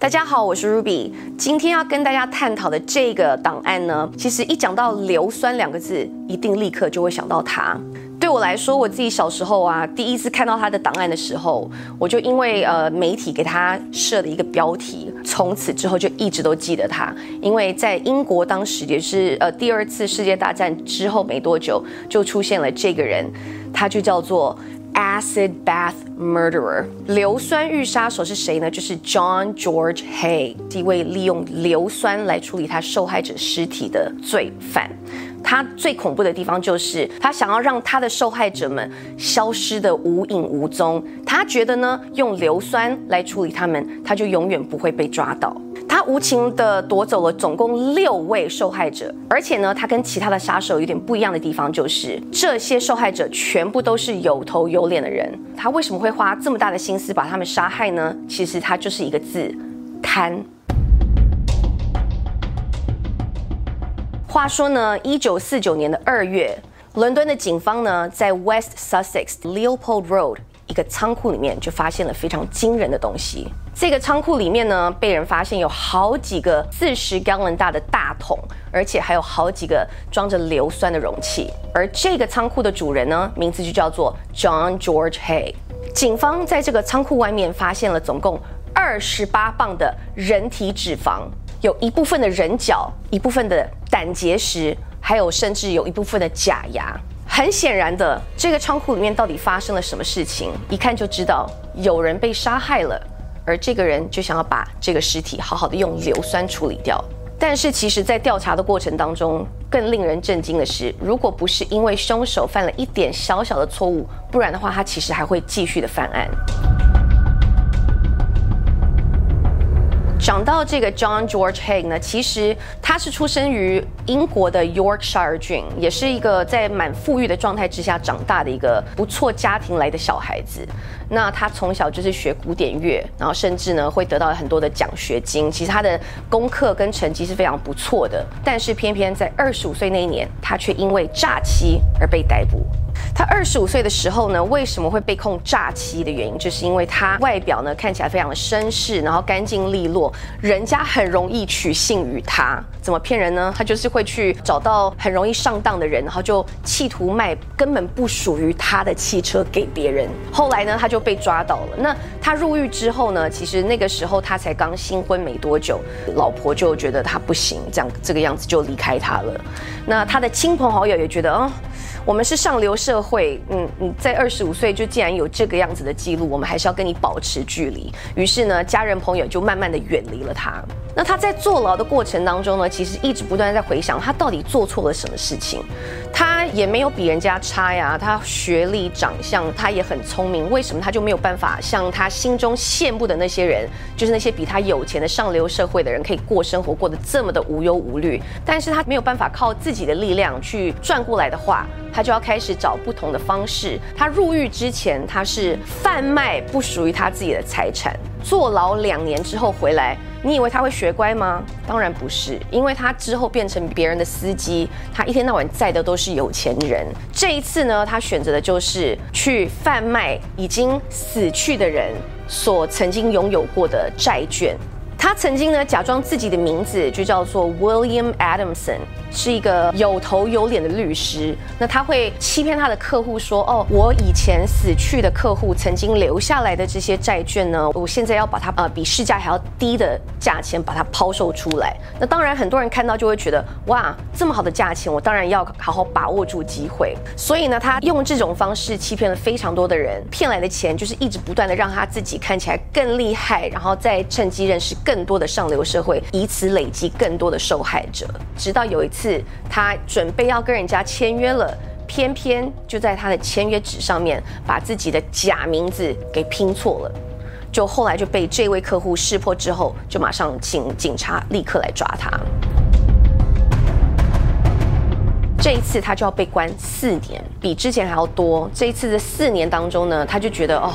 大家好，我是 Ruby。今天要跟大家探討的這個檔案呢，其實一講到硫酸兩個字，一定立刻就會想到他。對我來說，我自己小時候啊，第一次看到他的檔案的時候，我就因為呃媒體給他設了一個標題，從此之後就一直都記得他。因為在英國當時也是呃第二次世界大戰之後沒多久，就出現了這個人，他就叫做。acid bath murderer 硫酸浴殺手是誰呢？就是 John George Haigh，一位利用硫酸來處理他受害者屍體的罪犯。他最恐怖的地方就是，他想要讓他的受害者們消失得無影無蹤。他覺得呢，用硫酸來處理他們，他就永遠不會被抓到。他無情地奪走了總共六位受害者，而且呢，他跟其他的殺手有點不一樣的地方就是，這些受害者全部都是有頭有臉的人。他為什麼會花這麼大的心思把他們殺害呢？其實他就是一個字，貪。話說呢，一九四九年的二月，倫敦的警方呢，在 West Sussex Leopold Road。一個倉庫裡面就發現了非常驚人的東西。這個倉庫裡面呢，被人發現有好幾個四十 gallons 大的大桶，而且還有好幾個裝着硫酸的容器。而這個倉庫的主人呢，名字就叫做 John George Haigh。警方在這個倉庫外面發現了總共二十八磅的人體脂肪，有一部分的人腳，一部分的膽結石，還有甚至有一部分的假牙。很顯然的，這個倉庫裡面到底發生了什麼事情？一看就知道有人被殺害了，而這個人就想要把這個屍體好好的用硫酸處理掉。但是其實，在調查的過程當中，更令人震驚的是，如果不是因為兇手犯了一點小小的錯誤，不然的話，他其實還會繼續的犯案。講到這個 John George Haigh 呢，其實他是出生於英國的 Yorkshire 郡，也是一個在蠻富裕的狀態之下長大的一個不錯家庭來的小孩子。那他從小就是學古典樂，然後甚至呢會得到很多的獎學金。其實他的功課跟成績是非常不錯的，但是偏偏在二十五歲那一年，他卻因為詐欺而被逮捕。他二十五歲的時候呢，為什麼會被控詐欺的原因，就是因為他外表呢看起來非常的紳士，然後乾淨利落，人家很容易取信於他。怎麼騙人呢？他就是會去找到很容易上當的人，然後就企圖賣根本不屬於他的汽車給別人。後來呢，他就被抓到了。那他入獄之後呢，其實那個時候他才剛新婚沒多久，老婆就覺得他不行，這樣，這個樣子就離開他了。那他的親朋好友也覺得哦。我們是上流社會，嗯嗯，在二十五歲就竟然有這個樣子的記錄，我們還是要跟你保持距離。於是呢，家人朋友就慢慢的遠離了他。那他在坐牢的過程當中呢，其實一直不斷在回想他到底做錯了什麼事情。他也沒有比人家差呀，他學歷、長相，他也很聰明，為什麼他就沒有辦法像他心中羨慕的那些人，就是那些比他有錢的上流社會的人，可以過生活過得這麼的無憂無慮？但是他沒有辦法靠自己的力量去賺過來的話，他就要開始找不同的方式。他入獄之前，他是販賣不屬於他自己的財產。坐牢兩年之後回來，你以為他會學乖嗎？當然不是，因為他之後變成別人的司機，他一天到晚載的都是有錢人。這一次呢，他選擇的就是去販賣已經死去的人所曾經擁有過的債券。他曾經呢，假裝自己的名字就叫做 William Adamson，是一個有頭有臉的律師。那他會欺騙他的客戶說：“哦，我以前死去的客戶曾經留下來的這些債券呢，我現在要把它呃比市價還要低的價錢把它拋售出來。”那當然，很多人看到就會覺得：“哇，這麼好的價錢，我當然要好好把握住機會。”所以呢，他用這種方式欺騙了非常多的人，騙來的錢就是一直不斷的讓他自己看起來更厲害，然後再趁機認識更。更多的上流社會，以此累積更多的受害者，直到有一次他準備要跟人家簽約了，偏偏就在他的簽約紙上面把自己的假名字給拼錯了，就後來就被這位客戶識破之後，就馬上請警察立刻來抓他。這一次他就要被關四年，比之前還要多。這一次的四年當中呢，他就覺得哦。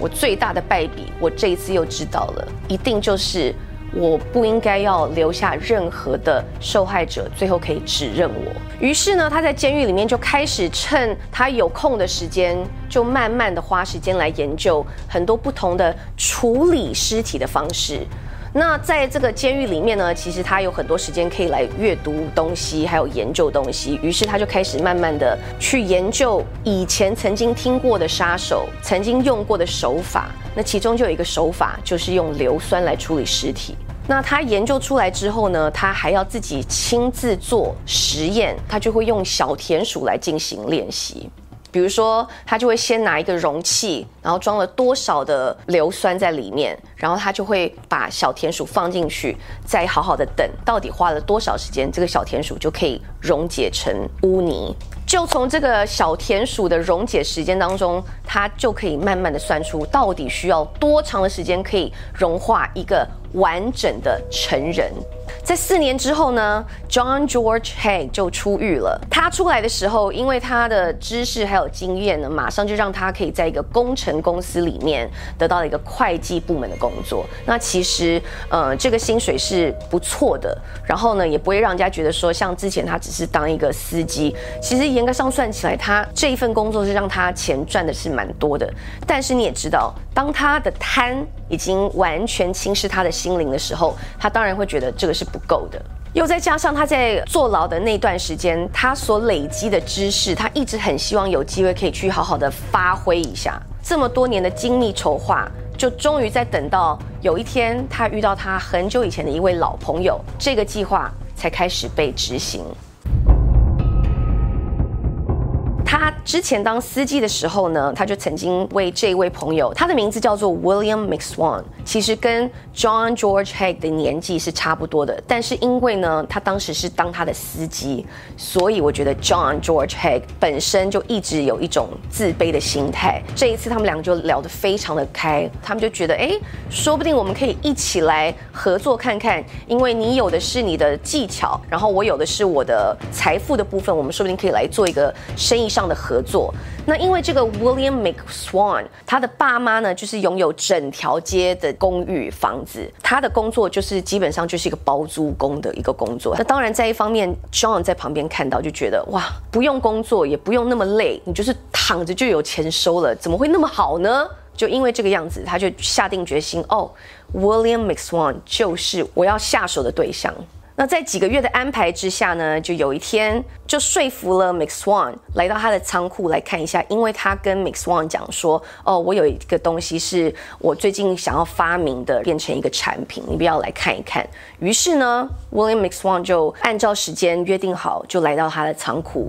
我最大的敗筆，我這一次又知道了，一定就是我不應該要留下任何的受害者，最後可以指認我。於是呢，他在監獄裡面就開始趁他有空的時間，就慢慢的花時間來研究很多不同的處理屍體的方式。那在這個監獄裡面呢，其實他有很多時間可以來閱讀東西，還有研究東西。於是他就開始慢慢的去研究以前曾經聽過的殺手、曾經用過的手法。那其中就有一個手法，就是用硫酸來處理屍體。那他研究出來之後呢，他還要自己親自做實驗，他就會用小田鼠來進行練習。比如說，他就會先拿一個容器，然後裝了多少的硫酸在裡面，然後他就會把小田鼠放進去，再好好的等，到底花了多少時間，這個小田鼠就可以溶解成污泥。就從這個小田鼠的溶解時間當中，他就可以慢慢的算出到底需要多長的時間可以融化一個完整的成人。在四年之後呢，John George Haigh 就出獄了。他出來的時候，因為他的知識還有經驗呢，馬上就讓他可以在一個工程公司裡面得到了一個會計部門的工作。那其實，呃，這個薪水是不錯的。然後呢，也不會讓人家覺得說，像之前他只是當一個司機。其實嚴格上算起來，他這一份工作是讓他錢賺的是蠻多的。但是你也知道，當他的貪。已經完全侵蝕他的心靈的時候，他當然會覺得這個是不夠的。又再加上他在坐牢的那段時間，他所累積的知識，他一直很希望有機會可以去好好的發揮一下。這麼多年的精密籌劃，就終於在等到有一天他遇到他很久以前的一位老朋友，這個計劃才開始被執行。他之前當司機的時候呢，他就曾經為這位朋友，他的名字叫做 William McSwan，其實跟 John George Haigh 的年紀是差不多的。但是因為呢，他當時是當他的司機，所以我覺得 John George Haigh 本身就一直有一種自卑的心態。這一次他們兩個就聊得非常的開，他們就覺得，哎，說不定我們可以一起來合作看看，因為你有的是你的技巧，然後我有的是我的財富的部分，我們說不定可以來做一個生意上的的合作，那因為這個 William McSwan，他的爸媽呢，就是擁有整條街的公寓房子，他的工作就是基本上就是一個包租公的一個工作。那當然，在一方面，John 在旁邊看到就覺得哇，不用工作也不用那麼累，你就是躺着就有錢收了，怎麼會那麼好呢？就因為這個樣子，他就下定決心，哦，William McSwan 就是我要下手的對象。那在幾個月的安排之下呢，就有一天就說服了 McSwan 來到他的倉庫來看一下，因為他跟 McSwan 講說，哦，我有一個東西是我最近想要發明的，變成一個產品，你不要來看一看。於是呢，William McSwan 就按照時間約定好，就來到他的倉庫。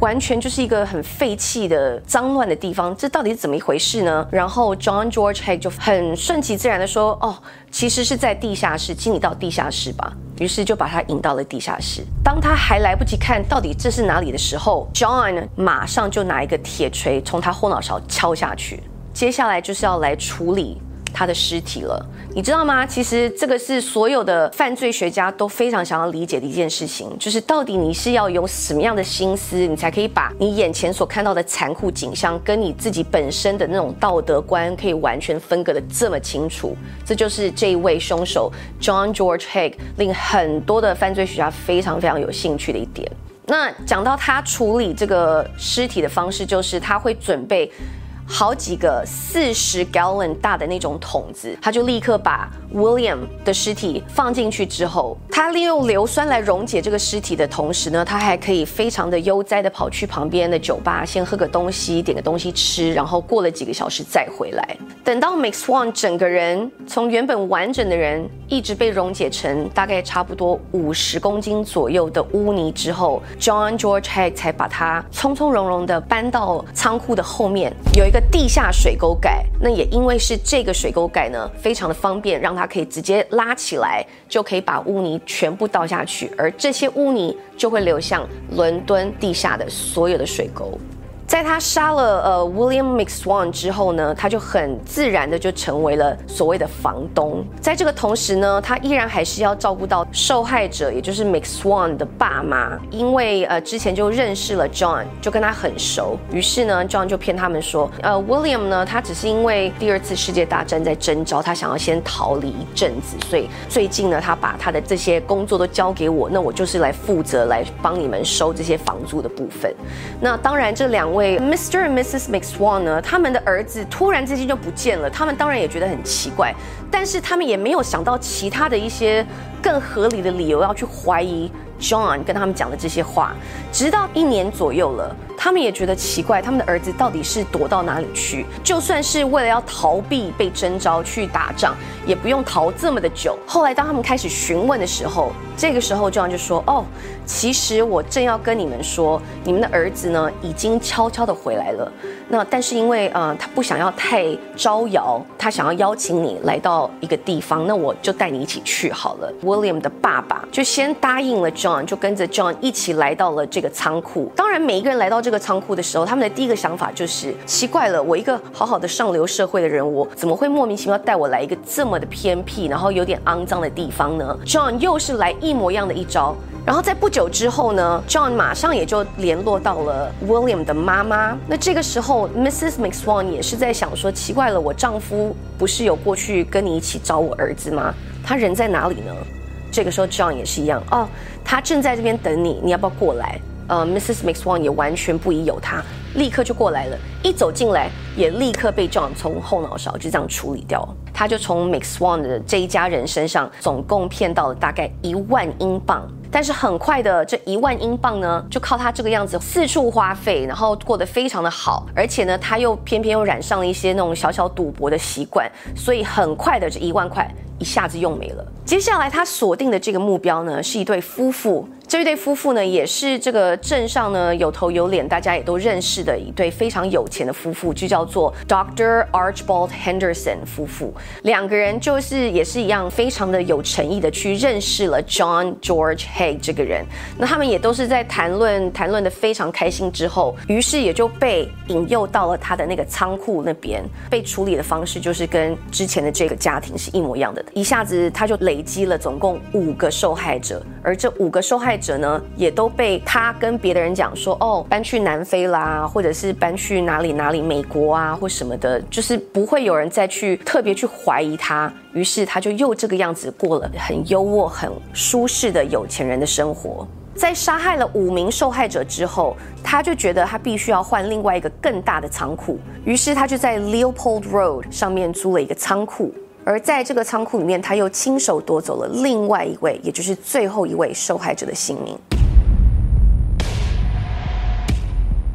完全就是一個很廢棄的髒亂的地方，這到底是怎麼一回事呢？然後 John George Haigh 就很順其自然的說，哦，其實是在地下室，請你到地下室吧。於是就把他引到了地下室。當他還來不及看到底這是哪裡的時候，John 馬上就拿一個鐵錘從他後腦勺敲下去，接下來就是要來處理他的屍體了。你知道嗎？其實這個是所有的犯罪學家都非常想要理解的一件事情，就是到底你是要有什麼樣的心思，你才可以把你眼前所看到的殘酷景象，跟你自己本身的那種道德觀可以完全分隔得這麼清楚。這就是這一位兇手 John George Haigh 令很多的犯罪學家非常非常有興趣的一點。那講到他處理這個屍體的方式，就是他會準備。好幾個四十加侖大的那種桶子，他就立刻把。William 的屍體放進去之後，他利用硫酸來溶解這個屍體的同時呢，他還可以非常的悠哉的跑去旁邊的酒吧，先喝個東西，點個東西吃，然後過了幾個小時再回來。等到 Mix One 整個人從原本完整的人，一直被溶解成大概差不多五十公斤左右的汙泥之後，John George Haigh 才把他從從容容的搬到倉庫的後面，有一個地下水溝蓋。那也因為是這個水溝蓋呢，非常的方便讓他。可以直接拉起來，就可以把污泥全部倒下去，而這些污泥就會流向倫敦地下的所有的水溝。在他殺了呃 William McSwan 之後呢，他就很自然的就成為了所謂的房東。在這個同時呢，他依然還是要照顧到受害者，也就是 McSwan 的爸媽。因為呃之前就認識了 John，就跟他很熟。於是呢，John 就騙他們說，呃 William 呢，他只是因為第二次世界大戰在徵召，他想要先逃離一陣子，所以最近呢，他把他的這些工作都交給我，那我就是來負責來幫你們收這些房租的部分。那當然這兩位。為 Mr. and Mrs. McSwan 呢，他們的兒子突然之間就不見了，他們當然也覺得很奇怪，但是他們也沒有想到其他的一些更合理的理由要去懷疑 John 跟他們講的這些話，直到一年左右了。他們也覺得奇怪，他們的兒子到底是躲到哪裡去？就算是為了要逃避被徵召去打仗，也不用逃這麼的久。後來當他們開始詢問的時候，這個時候 John 就說：“哦，其實我正要跟你們說，你們的兒子呢，已經悄悄的回來了。那但是因為呃他不想要太招搖，他想要邀請你來到一個地方，那我就帶你一起去好了。”William 的爸爸就先答應了 John，就跟着 John 一起來到了這個倉庫。當然，每一個人來到。這個倉庫的時候，他們的第一個想法就是奇怪了，我一個好好的上流社會的人，我怎麼會莫名其妙帶我來一個這麼的偏僻，然後有點骯髒的地方呢？John 又是來一模一樣的一招，然後在不久之後呢，John 馬上也就聯絡到了 William 的媽媽。那這個時候，Mrs. McSwan 也是在想說，奇怪了，我丈夫不是有過去跟你一起找我兒子嗎？他人在哪裡呢？這個時候，John 也是一樣，哦，他正在這邊等你，你要不要過來？呃、uh,，Mrs. McSwan 也完全不疑有他，立刻就過來了，一走進來也立刻被撞，從後腦勺就這樣處理掉。他就從 McSwan 的這一家人身上總共騙到了大概一萬英鎊，但是很快的這一萬英鎊呢，就靠他這個樣子四處花費，然後過得非常的好，而且呢他又偏偏又染上了一些那種小小賭博的習慣，所以很快的這一萬塊一下子用沒了。接下來他鎖定的這個目標呢，是一對夫婦。這一對夫婦呢，也是這個鎮上呢有頭有臉，大家也都認識的一對非常有錢的夫婦，就叫做 Doctor Archibald Henderson 夫婦。兩個人就是也是一樣，非常的有誠意的去認識了 John George Haigh 這個人。那他們也都是在談論談論的非常開心之後，於是也就被引誘到了他的那個倉庫那邊。被處理的方式就是跟之前的這個家庭是一模一樣的、的，一下子他就累累積了總共五個受害者，而這五個受害者呢，也都被他跟別的人講說，哦，搬去南非啦，或者是搬去哪裡哪裡美國啊，或什麼的，就是不會有人再去特別去懷疑他。於是他就又這個樣子過了很優渥、很舒適的有錢人的生活。在殺害了五名受害者之後，他就覺得他必須要換另外一個更大的倉庫，於是他就在 Leopold Road 上面租了一個倉庫。而在這個倉庫裡面，他又親手奪走了另外一位，也就是最後一位受害者的性命。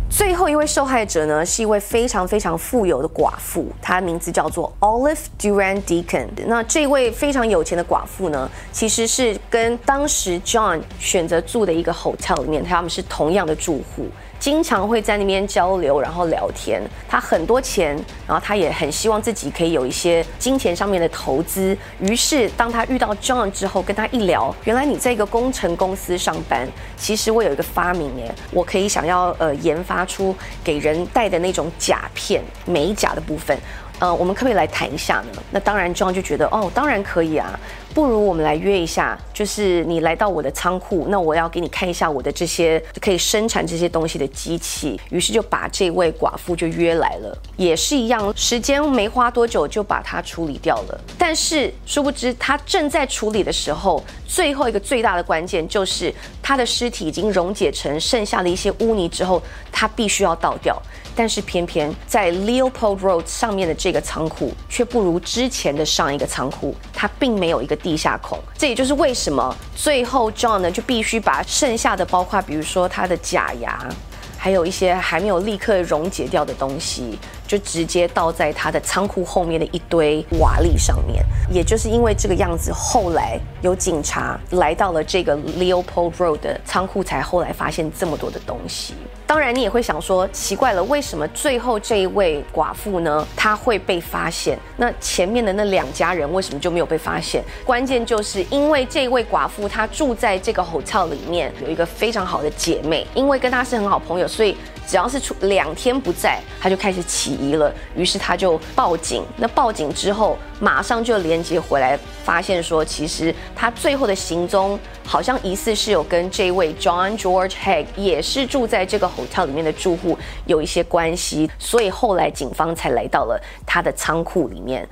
最後一位受害者呢，是一位非常非常富有的寡婦，她的名字叫做 Olive Durand Deacon。那這位非常有錢的寡婦呢，其實是跟當時 John 選擇住的一個 hotel 裡面，他們是同樣的住戶。經常會在那邊交流，然後聊天。他很多錢，然後他也很希望自己可以有一些金錢上面的投資。於是，當他遇到 John 之後，跟他一聊，原來你在一個工程公司上班。其實我有一個發明，耶，我可以想要呃研發出給人戴的那種甲片美甲的部分。呃，我們可不可以來談一下呢？那當然，John 就覺得，哦，當然可以啊。不如我們來約一下，就是你來到我的倉庫，那我要給你看一下我的這些可以生產這些東西的機器。於是就把這位寡婦就約來了，也是一樣，時間沒花多久就把它處理掉了。但是殊不知，他正在處理的時候，最後一個最大的關鍵就是他的屍體已經溶解成剩下的一些污泥之後，他必須要倒掉。但是偏偏在 Leopold Road 上面的這個倉庫卻不如之前的上一個倉庫，它並沒有一個。地下孔，這也就是為什麼最後 John 呢就必須把剩下的，包括比如說他的假牙，還有一些還沒有立刻溶解掉的東西，就直接倒在他的倉庫後面的一堆瓦礫上面。也就是因為這個樣子，後來有警察來到了這個 Leopold Road 的倉庫，才後來發現這麼多的東西。當然，你也會想說，奇怪了，為什麼最後這一位寡婦呢？她會被發現？那前面的那兩家人為什麼就沒有被發現？關鍵就是因為這位寡婦，她住在這個 hotel 裡面，有一個非常好的姐妹，因為跟她是很好朋友，所以只要是出兩天不在，她就開始起疑了。於是她就報警。那報警之後，馬上就連接回來，發現說，其實她最後的行蹤好像疑似是有跟這位 John George Haigh 也是住在這個 hotel。跳裡面的住戶有一些關係，所以後來警方才來到了他的倉庫裡面。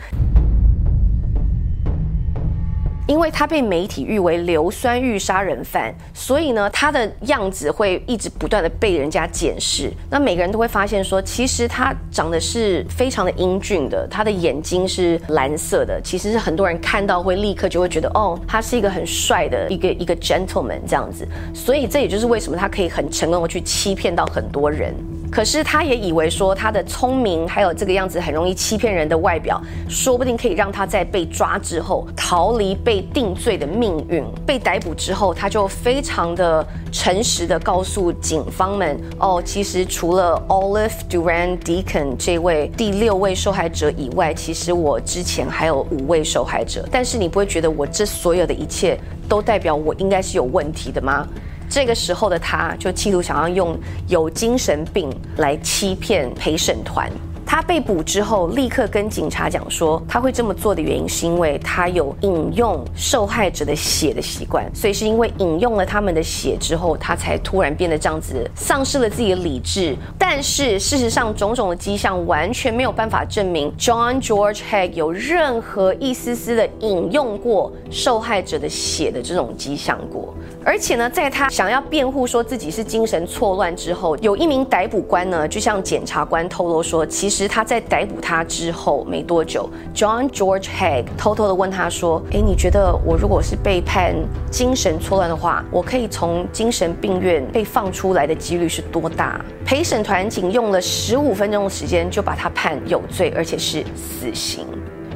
因為他被媒體譽為硫酸浴殺人犯，所以呢，他的樣子會一直不斷的被人家檢視。那每個人都會發現說，其實他長得是非常的英俊的，他的眼睛是藍色的，其實是很多人看到會立刻就會覺得，哦，他是一個很帥的一個一個 gentleman 這樣子。所以這也就是為什麼他可以很成功的去欺騙到很多人。可是，他也以為說他的聰明，還有這個樣子很容易欺騙人的外表，說不定可以讓他在被抓之後逃離被定罪的命運。被逮捕之後，他就非常的誠實的告訴警方們：哦，其實除了 Olive Durand Deacon 這位第六位受害者以外，其實我之前還有五位受害者。但是，你不會覺得我這所有的一切都代表我應該是有問題的嗎？這個時候的他，就企圖想要用有精神病來欺騙陪審團。他被捕之後，立刻跟警察講說，他會這麼做的原因是因為他有飲用受害者的血的習慣，所以是因為飲用了他們的血之後，他才突然變得這樣子，喪失了自己的理智。但是事實上，種種的跡象完全沒有辦法證明 John George Haigh 有任何一絲絲的飲用過受害者的血的這種跡象過。而且呢，在他想要辯護說自己是精神錯亂之後，有一名逮捕官呢就向檢察官透露說，其實。其實他在逮捕他之後沒多久，John George Haigh 偷偷的問他說：“誒，你覺得我如果是被判精神錯亂的話，我可以從精神病院被放出來的幾率是多大？”陪審團僅用了十五分鐘的時間就把他判有罪，而且是死刑。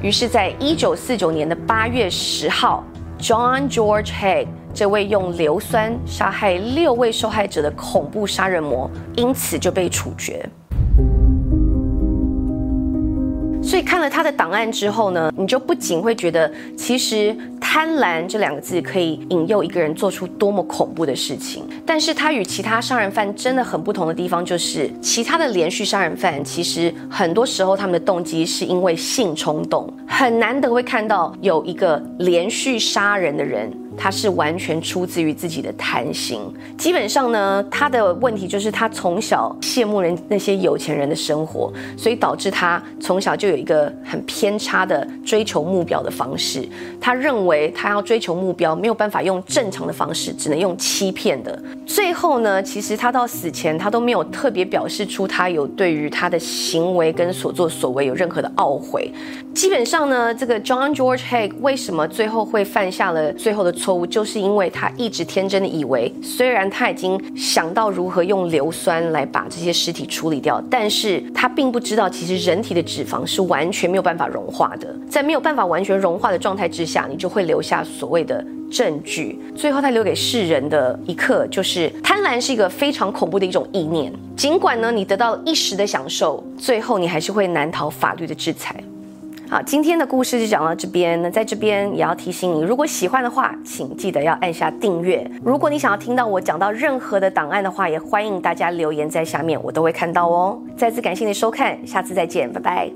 於是，在一九四九年的八月十號，John George Haigh 這位用硫酸殺害六位受害者的恐怖殺人魔，因此就被處決。所以看了他的檔案之後呢，你就不僅會覺得，其實“貪婪”這兩個字可以引誘一個人做出多麼恐怖的事情。但是他與其他殺人犯真的很不同的地方，就是其他的連續殺人犯，其實很多時候他們的動機是因為性衝動，很難得會看到有一個連續殺人的人。他是完全出自於自己的貪心，基本上呢，他的問題就是他從小羨慕人那些有錢人的生活，所以導致他從小就有一個很偏差的追求目標的方式。他認為他要追求目標沒有辦法用正常的方式，只能用欺騙的。最後呢，其實他到死前他都沒有特別表示出他有對於他的行為跟所作所為有任何的懊悔。基本上呢，這個 John George Haigh 為什麼最後會犯下了最後的罪？錯誤就是因為他一直天真的以為，雖然他已經想到如何用硫酸來把這些屍體處理掉，但是他並不知道，其實人體的脂肪是完全沒有辦法融化的。在沒有辦法完全融化的狀態之下，你就會留下所謂的證據。最後，他留給世人的一課，就是：貪婪是一個非常恐怖的一種意念。儘管呢，你得到一時的享受，最後你還是會難逃法律的制裁。好，今天的故事就講到這邊。那在這邊也要提醒你，如果喜歡的話，請記得要按下訂閱。如果你想要聽到我講到任何的檔案的話，也歡迎大家留言在下面，我都會看到哦。再次感謝你收看，下次再見，拜拜。